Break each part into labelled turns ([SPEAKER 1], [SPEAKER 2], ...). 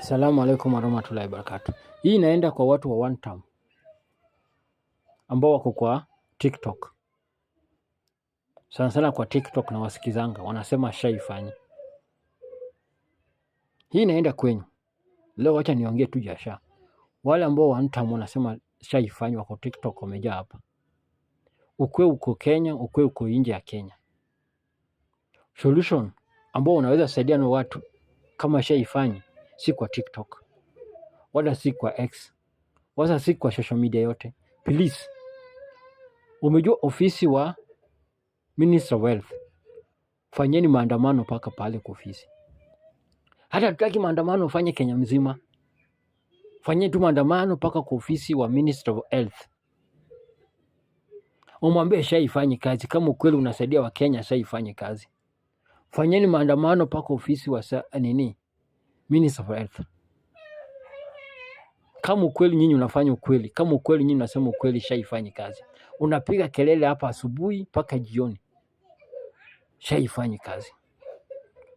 [SPEAKER 1] Assalamu alaikum warahmatullahi wabarakatuh. Hii inaenda kwa watu wa one time ambao wako kwa TikTok, sana sana kwa TikTok na wasikizanga wanasema shaifanya hii inaenda kwenyu leo. Wacha niongee tu jasha, wale ambao one time wanasema shaifanya wako TikTok wamejaa hapa, ukwe uko Kenya, ukwe uko nje ya Kenya. Solution ambao unaweza saidia na watu kama shaifanya si kwa TikTok wala si kwa X wala si kwa social media yote. Please, umejua ofisi wa Minister of Health, fanyeni maandamano mpaka pale kwa ofisi. Hata hatutaki maandamano ufanye Kenya mzima, fanyeni tu maandamano mpaka kwa ofisi wa Minister of Health, umwambie sasa ifanye kazi. Kama ukweli unasaidia Wakenya, sasa ifanye kazi. Fanyeni maandamano mpaka ofisi wa sa, nini mi ni Safari Health. Kama ukweli nyinyi unafanya ukweli, kama ukweli nyinyi unasema ukweli, shaifanyi kazi. Unapiga kelele hapa asubuhi mpaka jioni, shaifanyi kazi.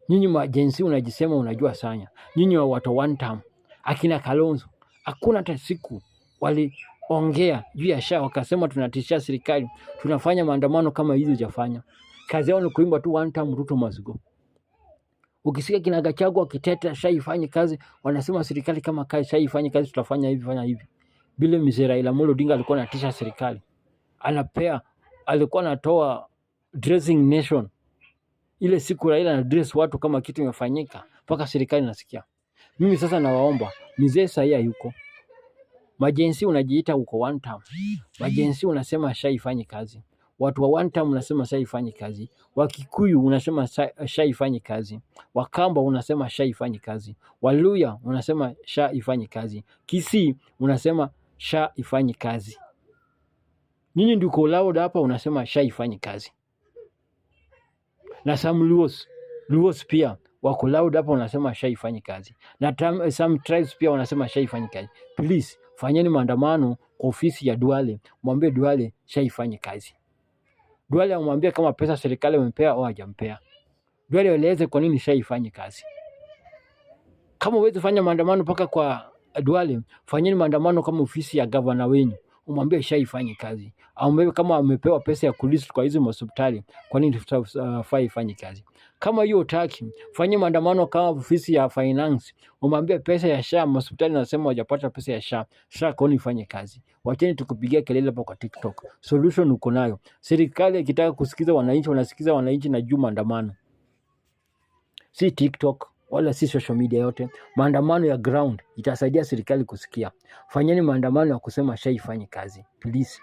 [SPEAKER 1] Nyinyi majensi unajisema unajua sana, nyinyi wa watu one time, akina Kalonzo hakuna hata siku waliongea juu ya SHA wakasema tunatishia serikali, tunafanya maandamano kama hizi. Hujafanya kazi yao, ni kuimba tu one time, Ruto must go. Ukisikia kinaga chako akiteta shaifanye kazi, wanasema serikali kama kazi shaifanye kazi, tutafanya hivi fanya hivi. Bila mzee Raila Amolo Odinga alikuwa anatisha serikali, anapea alikuwa anatoa dressing nation. Ile siku Raila dress watu kama kitu imefanyika, mpaka serikali nasikia. Mimi sasa nawaomba mzee Saia yuko majensi, unajiita uko one time majensi, unasema shaifanye kazi Watu wa Wantam unasema sha ifanyi kazi, Wakikuyu unasema shaifanyi ifanyi kazi, Wakamba unasema shaifanyi ifanyi kazi, Waluya unasema shaifanyi kazi, Kisii unasema shaifanyi kazi. Nyinyi ndiko Laoda hapa unasema shaifanyi kazi, na some Luos, Luos pia wako Laoda hapa unasema shaifanyi kazi, na tam, some tribes pia unasema shaifanyi kazi. Please fanyeni maandamano kwa ofisi ya Duale, mwambie Duale shaifanyi kazi. Duale amwambie kama pesa serikali imempea au hajampea. Duale aeleze kwa nini shaifanye kazi. Kama huwezi fanya maandamano mpaka kwa Duale, fanyeni maandamano kama ofisi ya gavana wenu umwambie ishaifanye kazi, au kama umepewa pesa ya kulist kwa hizo hospitali, kwa nini tafaa uh, ifanye kazi? Kama hiyo utaki, fanye maandamano kama ofisi ya finance, umwambie pesa ya SHA hospitali nasema hajapata pesa ya SHA, SHA kwa nini ifanye kazi? Wacheni tukupigia kelele hapo kwa TikTok. Solution uko nayo. Serikali ikitaka kusikiza wananchi, wanasikiza wananchi na juu maandamano, si TikTok wala si social media yote. Maandamano ya ground itasaidia serikali kusikia. Fanyeni maandamano ya kusema shaifanyi kazi please.